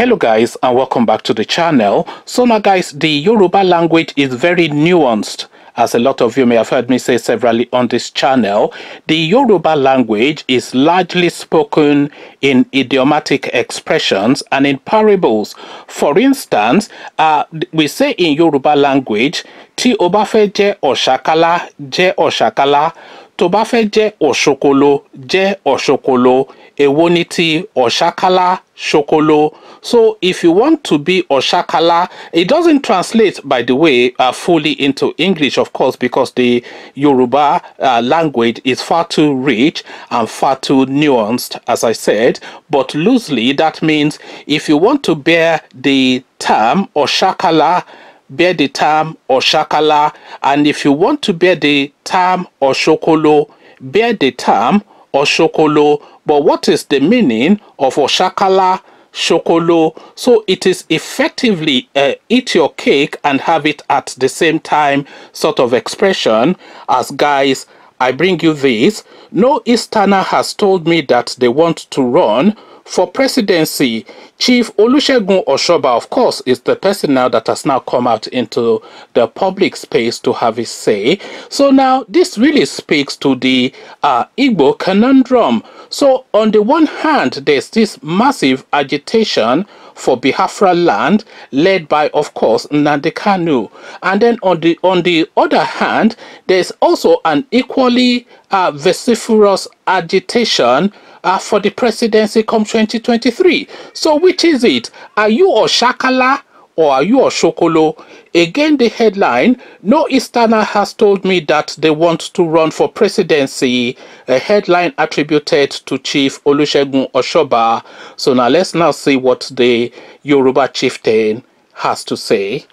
Hello guys and welcome back to the channel. So now guys, the Yoruba language is very nuanced. As a lot of you may have heard me say severally on this channel, the Yoruba language is largely spoken in idiomatic expressions and in parables. For instance, uh, we say in Yoruba language, Ti obafe je oshakala, je oshakala, tó bá fẹ́ jẹ́ ọ̀ṣokolo jẹ́ ọ̀ṣokolo èwo ni ti ọ̀ṣakálá ṣokolo so if you want to be ọ̀ṣakálá it doesn't translate by the way uh, fully into English of course because the Yoruba uh, language is far too rich and far too nuanced as I said but loosely that means if you want to bear the term ọ̀ṣakálá bear the term Oshakala, and if you want to bear the term Oshokolo, bear the term Oshokolo. But what is the meaning of Oshakala? Shokolo, so it is effectively uh, eat your cake and have it at the same time sort of expression as guys I bring you this. No Easterner has told me that they want to run for presidency, Chief Olusegun Oshoba, of course, is the person now that has now come out into the public space to have his say. So now this really speaks to the uh, Igbo conundrum. So on the one hand, there's this massive agitation for Biafra land, led by, of course, Nnamdi Kanu. And then on the on the other hand, there's also an equally uh, vociferous agitation uh, for the presidency come 2023. So which is it? Are you Oshakala or are you Oshokolo? Again, the headline, No Easterner has told me that they want to run for presidency, a headline attributed to Chief Olusegun Oshoba. So now let's now see what the Yoruba chieftain has to say.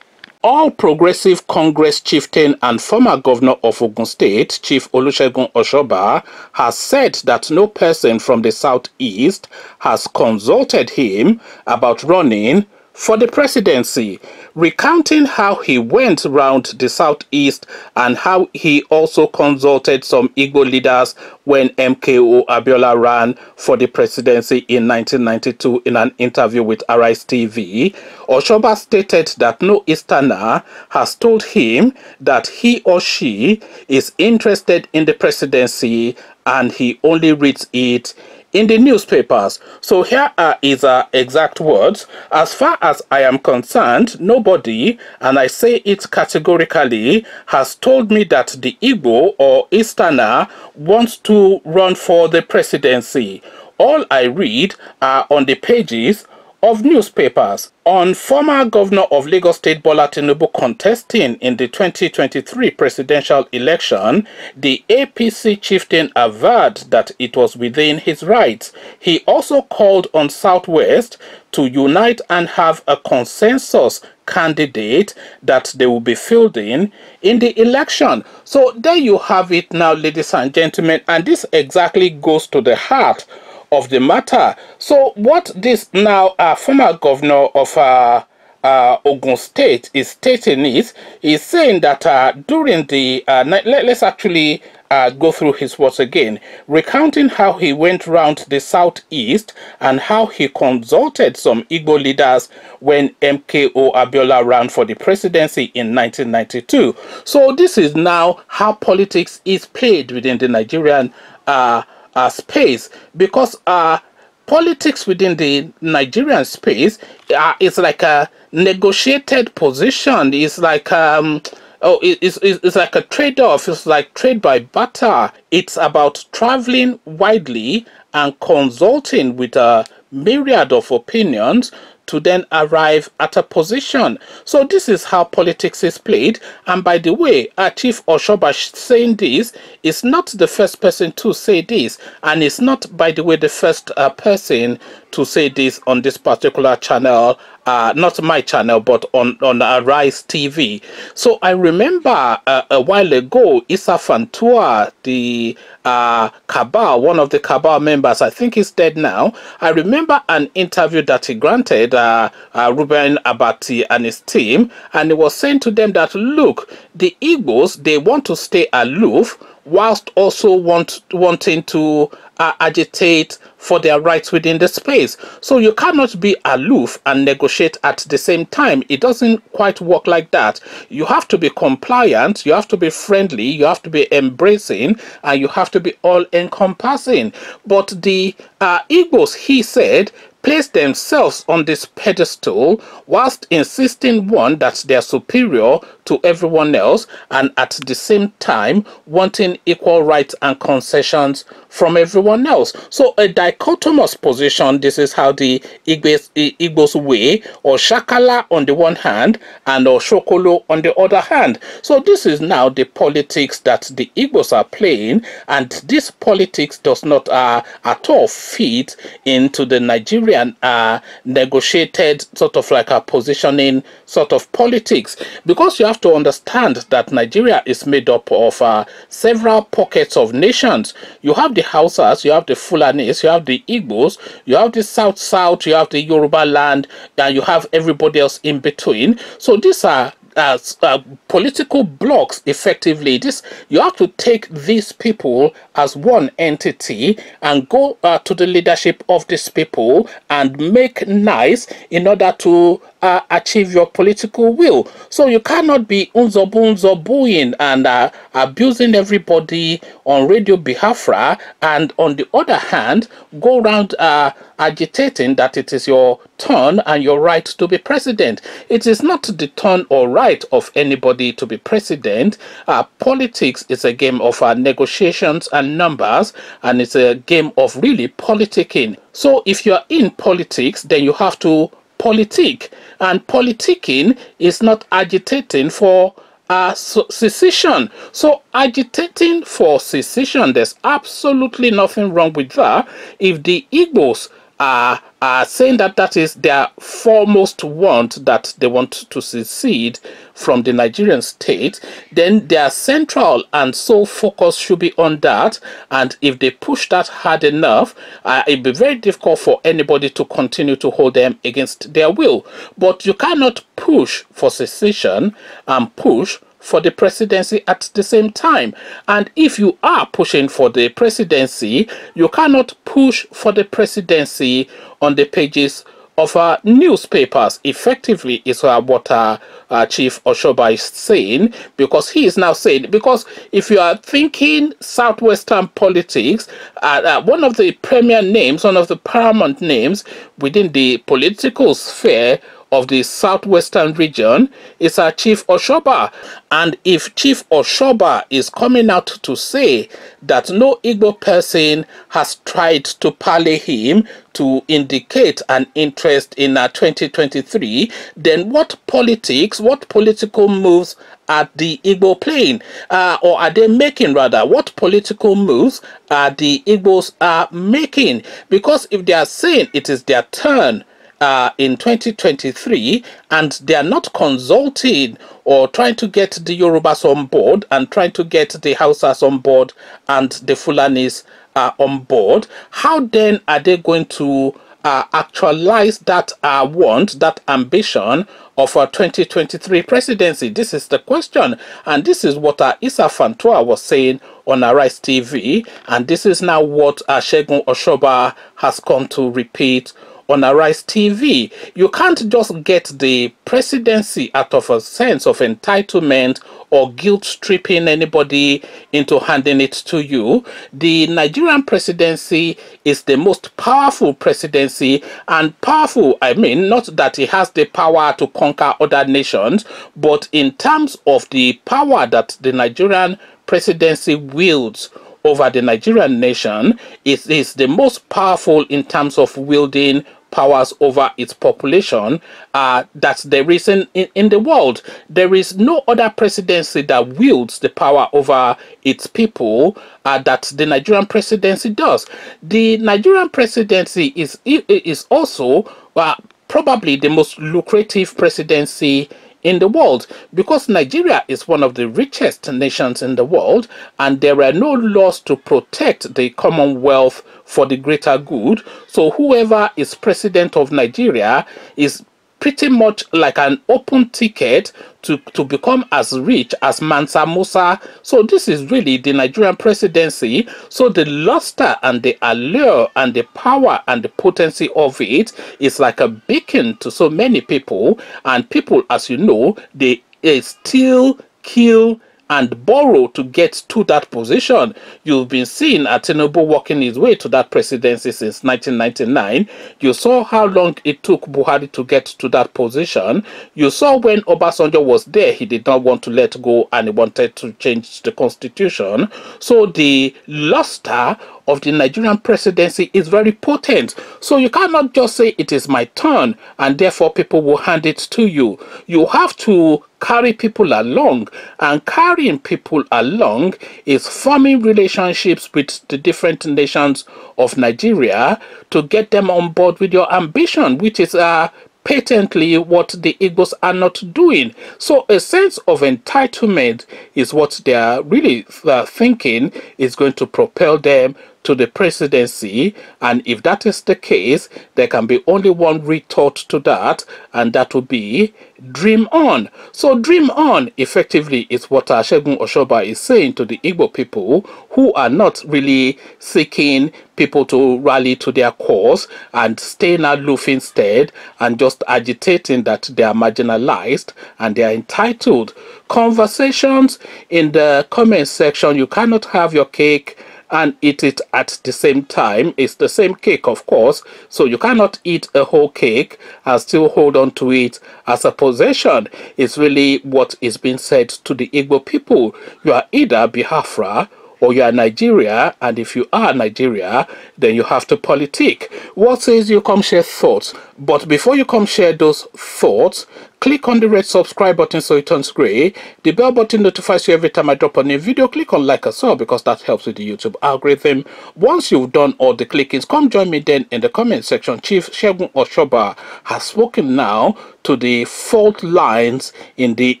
All Progressive Congress chieftain and former governor of Ogun State, Chief Olusegun Oshoba, has said that no person from the southeast has consulted him about running for the presidency recounting how he went round the southeast and how he also consulted some Igbo leaders when MKO Abiola ran for the presidency in 1992 in an interview with Arise TV, Oshoba stated that no Easterner has told him that he or she is interested in the presidency and he only reads it in the newspapers. So here are his uh, exact words. As far as I am concerned, nobody, and I say it categorically, has told me that the Igbo or Easterner wants to run for the presidency. All I read are on the pages of newspapers on former governor of Lagos State Bola Tinubu contesting in the 2023 presidential election, the APC chieftain averred that it was within his rights. He also called on Southwest to unite and have a consensus candidate that they will be fielding in the election. So there you have it now, ladies and gentlemen, and this exactly goes to the heart of the matter. So what this now uh, former governor of uh, uh, Ogun State is stating is, is saying that uh, during the, uh, night, let, us actually uh, go through his words again, recounting how he went round the southeast and how he consulted some Igbo leaders when MKO Abiola ran for the presidency in 1992. So this is now how politics is played within the Nigerian uh, uh, space because uh, politics within the Nigerian space uh, is like a negotiated position. It's like um, oh, it's, it's, it's like a trade-off. It's like trade by butter. It's about traveling widely and consulting with a myriad of opinions to then arrive at a position. So this is how politics is played. And by the way, our Chief Oshoba saying this is not the first person to say this. And it's not, by the way, the first uh, person to say this on this particular channel, uh, not my channel, but on on uh, Rise TV. So I remember uh, a while ago, Isa Fantua, the uh, Cabal, one of the Cabal members, I think he's dead now. I remember an interview that he granted uh, uh, Ruben Abati and his team, and he was saying to them that look, the Eagles they want to stay aloof whilst also want wanting to uh, agitate for their rights within the space. So you cannot be aloof and negotiate at the same time. It doesn't quite work like that. You have to be compliant, you have to be friendly, you have to be embracing, and you have to be all encompassing. But the uh, Igbos, he said, place themselves on this pedestal whilst insisting one that they are superior to everyone else and at the same time wanting equal rights and concessions from everyone else. So a dichotomous position, this is how the Igbes, Igbo's way or Shakala on the one hand and Oshokolo on the other hand. So this is now the politics that the Igbos are playing and this politics does not uh, at all fit into the Nigerian and uh, negotiated sort of like a positioning sort of politics because you have to understand that Nigeria is made up of uh, several pockets of nations. You have the Hausas, you have the Fulanis, you have the Igbos, you have the South South, you have the Yoruba land, and you have everybody else in between. So these are as uh, political blocks effectively this you have to take these people as one entity and go uh, to the leadership of these people and make nice in order to uh, achieve your political will. So you cannot be unzobu unzobuing and uh, abusing everybody on Radio Biafra and on the other hand, go around uh, agitating that it is your turn and your right to be president. It is not the turn or right of anybody to be president. Uh, politics is a game of uh, negotiations and numbers, and it's a game of really politicking. So if you are in politics, then you have to politique. And politicking is not agitating for a secession. So agitating for secession, there's absolutely nothing wrong with that. If the Igbos are, uh, are uh, saying that that is their foremost want that they want to secede from the Nigerian state, then their central and sole focus should be on that. And if they push that hard enough, uh, it'd be very difficult for anybody to continue to hold them against their will. But you cannot push for secession and push for the presidency at the same time. And if you are pushing for the presidency, you cannot push for the presidency on the pages of uh, newspapers effectively is uh, what uh, uh, Chief Oshoba is saying because he is now saying because if you are thinking southwestern politics, uh, uh, one of the premier names, one of the paramount names within the political sphere of the southwestern region is our Chief Oshoba. And if Chief Oshoba is coming out to say that no Igbo person has tried to parley him to indicate an interest in 2023, then what politics, what political moves are the Igbo playing? Uh, or are they making rather? What political moves are the Igbos are making? Because if they are saying it is their turn uh, in 2023 and they are not consulting or trying to get the Yorubas on board and trying to get the Hausas on board and the Fulanis uh, on board, how then are they going to uh, actualize that uh, want, that ambition of our 2023 presidency? This is the question. And this is what uh, Issa Fantua was saying on Arise TV. And this is now what uh, Shegun Oshoba has come to repeat on Arise TV. You can't just get the presidency out of a sense of entitlement or guilt stripping anybody into handing it to you. The Nigerian presidency is the most powerful presidency, and powerful, I mean, not that it has the power to conquer other nations, but in terms of the power that the Nigerian presidency wields over the Nigerian nation, it is the most powerful in terms of wielding powers over its population uh, that's the reason in, in the world there is no other presidency that wields the power over its people uh, that the nigerian presidency does the nigerian presidency is is also uh, probably the most lucrative presidency in the world because Nigeria is one of the richest nations in the world and there are no laws to protect the commonwealth for the greater good. So whoever is president of Nigeria is pretty much like an open ticket to, to become as rich as Mansa Musa. So this is really the Nigerian presidency. So the luster and the allure and the power and the potency of it is like a beacon to so many people. And people, as you know, they, they still kill and borrow to get to that position. You've been seeing Atinobu working his way to that presidency since 1999. You saw how long it took Buhari to get to that position. You saw when Obasanjo was there, he did not want to let go and he wanted to change the constitution. So the luster of the Nigerian presidency is very potent. So you cannot just say it is my turn and therefore people will hand it to you. You have to carry people along and carrying people along is forming relationships with the different nations of Nigeria to get them on board with your ambition which is uh, patently what the Igbos are not doing. So a sense of entitlement is what they are really uh, thinking is going to propel them to the presidency. And if that is the case, there can be only one retort to that, and that would be dream on. So dream on effectively is what Ashegun Oshoba is saying to the Igbo people who are not really seeking people to rally to their cause and staying aloof instead and just agitating that they are marginalized and they are entitled. Conversations in the comment section, you cannot have your cake and eat it at the same time. It's the same cake, of course, so you cannot eat a whole cake and still hold on to it as a possession. It's really what is being said to the Igbo people. You are either Biafra or you are Nigeria, and if you are Nigeria, then you have to politic. What says you come share thoughts? But before you come share those thoughts, click on the red subscribe button so it turns gray the bell button notifies you every time i drop a new video click on like as well because that helps with the youtube algorithm once you've done all the clickings come join me then in the comment section chief shegun oshoba has spoken now to the fault lines in the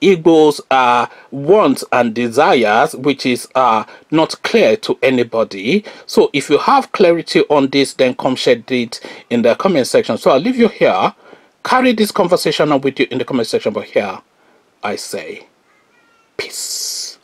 eagle's uh, wants and desires, which is uh, not clear to anybody. So if you have clarity on this, then come share it in the comment section. So I'll leave you here. Carry this conversation on with you in the comment section, but here I say peace.